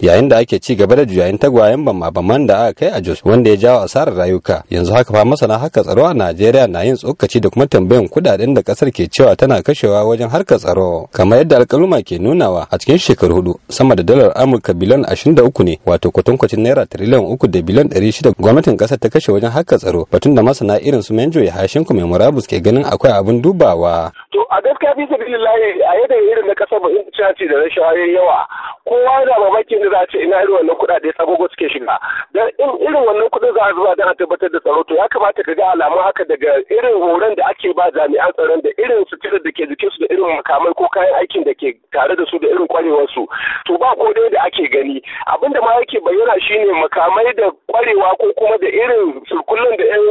yayin da ake ci gaba da juyayin tagwayen bamma-bamman da aka kai a Jos wanda ya jawo asarar rayuka yanzu haka fa masana haka tsaro a Najeriya na yin tsokaci da kuma tambayan kudaden da kasar ke cewa tana kashewa wajen harkar tsaro kamar yadda alkaluma ke nunawa a cikin shekaru hudu sama da dalar Amurka biliyan 23 ne wato kwatankwacin naira triliyan uku da biliyan shida gwamnatin kasar ta kashe wajen harkar tsaro batun da masana irin su Menjo ya hashin ku mai murabus ke ganin akwai abin dubawa to a gaskiya fi sabilillahi a yadda irin na kasar mu inda caci da rashawa yawa kowa yana mamakin da za a ce ina irin wannan kuɗaɗe sabogo suke shiga dan in irin wannan kuɗin za a zuba don a tabbatar da tsaro to ya kamata ka ga alamun haka daga irin horon da ake ba jami'an tsaron da irin suturar da ke jikin su da irin makamai ko kayan aikin da ke tare da su da irin kwarewar su to ba ko dai da ake gani abin da ma yake bayyana shine makamai da kwarewa ko kuma da irin surkullen da yan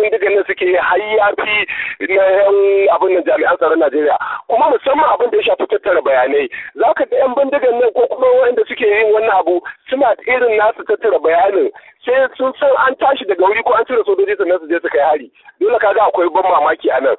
bindigan nan suke hayyafi na yan abin da jami'an tsaron Najeriya Najeriya kuma musamman abin da ya shafi tattara bayanai za ka ga 'yan bindigan nan ko kuma wanda suke yin wannan abu suna irin nasu tattara bayanin sai sun san an tashi daga wuri ko an cire sojoji sannan su je su kai hari dole ka ga akwai ban mamaki a nan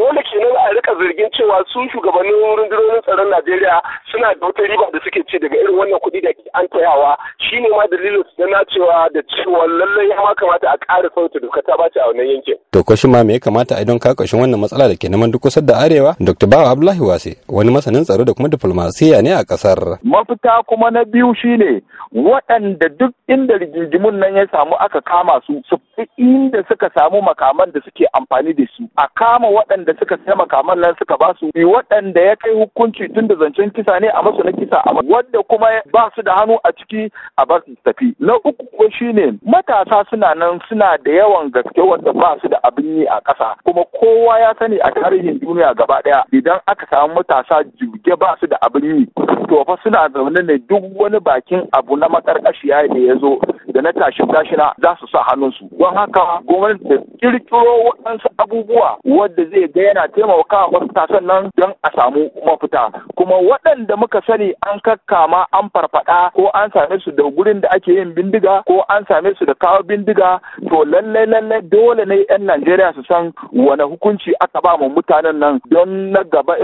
dole kenan a rika zargin cewa sun shugabannin rundunonin tsaron Najeriya suna da wata riba da suke ce daga irin wannan kuɗi da an tayawa shi ne ma dalilin su na cewa da cewa lallai ya ma kamata a ƙara sauta doka ta bace a wannan yankin. To ko ma me ya kamata a don ka wannan matsala da ke neman duk kusa da arewa? Dr. Bawa Abdullahi Wase wani masanin tsaro da kuma diplomasiya ne a ƙasar. Mafita kuma na biyu shine waɗanda duk inda rigingimun nan ya samu aka kama su su faɗi inda suka samu makaman da suke amfani da su a kama waɗanda suka sai makaman nan suka ba su waɗanda ya kai hukunci tun da zancen kisa ne a masu na kisa a wadda kuma ba su da hannu a ciki a ba su tafi na uku ko shine matasa suna nan suna da yawan gaske wanda ba su da abin yi a ƙasa kuma kowa ya sani a tarihin duniya gaba ɗaya idan aka samu matasa juge ba su da abin yi to fa suna zaune ne duk wani bakin abu na makarƙashiya da ya zo da na tashi tashina za su sa hannun hannunsu don haka gwamnati ta kirkiro waɗansu abubuwa wanda zai ga yana taimakawa wasu tasan nan don a samu mafita kuma waɗanda muka sani an kakkama an farfada ko an same su da gurin da ake yin bindiga ko an same su da kawo bindiga to lallai lallai dole ne 'yan Najeriya su san wani hukunci aka ba mu mutanen nan don na gaba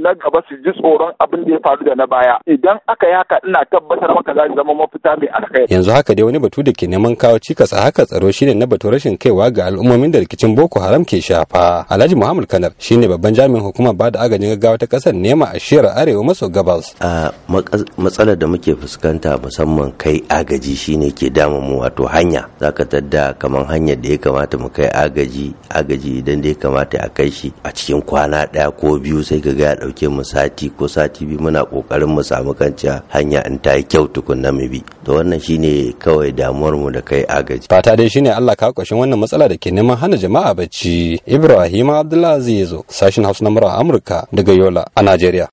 na gaba su ji tsoron abin da ya faru da na baya idan aka yi haka ina tabbatar maka za zama mafita mai alkhairi yanzu haka dai wani batu da ke neman kawo cikas a haka tsaro shine na batu rashin kaiwa ga al'ummomin da rikicin Boko Haram ke shafa. Alhaji Muhammad Kanar shine babban jami'in ba da agajin gaggawa ta kasar nema a shiyar arewa maso gabas. A matsalar da muke fuskanta musamman kai agaji shine ke damu mu wato hanya zaka tadda kamar hanyar da ya kamata mu kai agaji agaji idan da ya kamata a kai shi a cikin kwana ɗaya ko biyu sai ka ga ya ɗauke mu sati ko sati biyu muna kokarin mu samu kanciya hanya in ta yi kyau tukun na mu bi to wannan shine kawai damuwar mu da kai agaji fata dai shine Allah ka kwashin wannan matsala da ke neman hana jama'a bacci Ibrahim Abdullahi zo sashin Hausa na Amurka daga Yola a Najeriya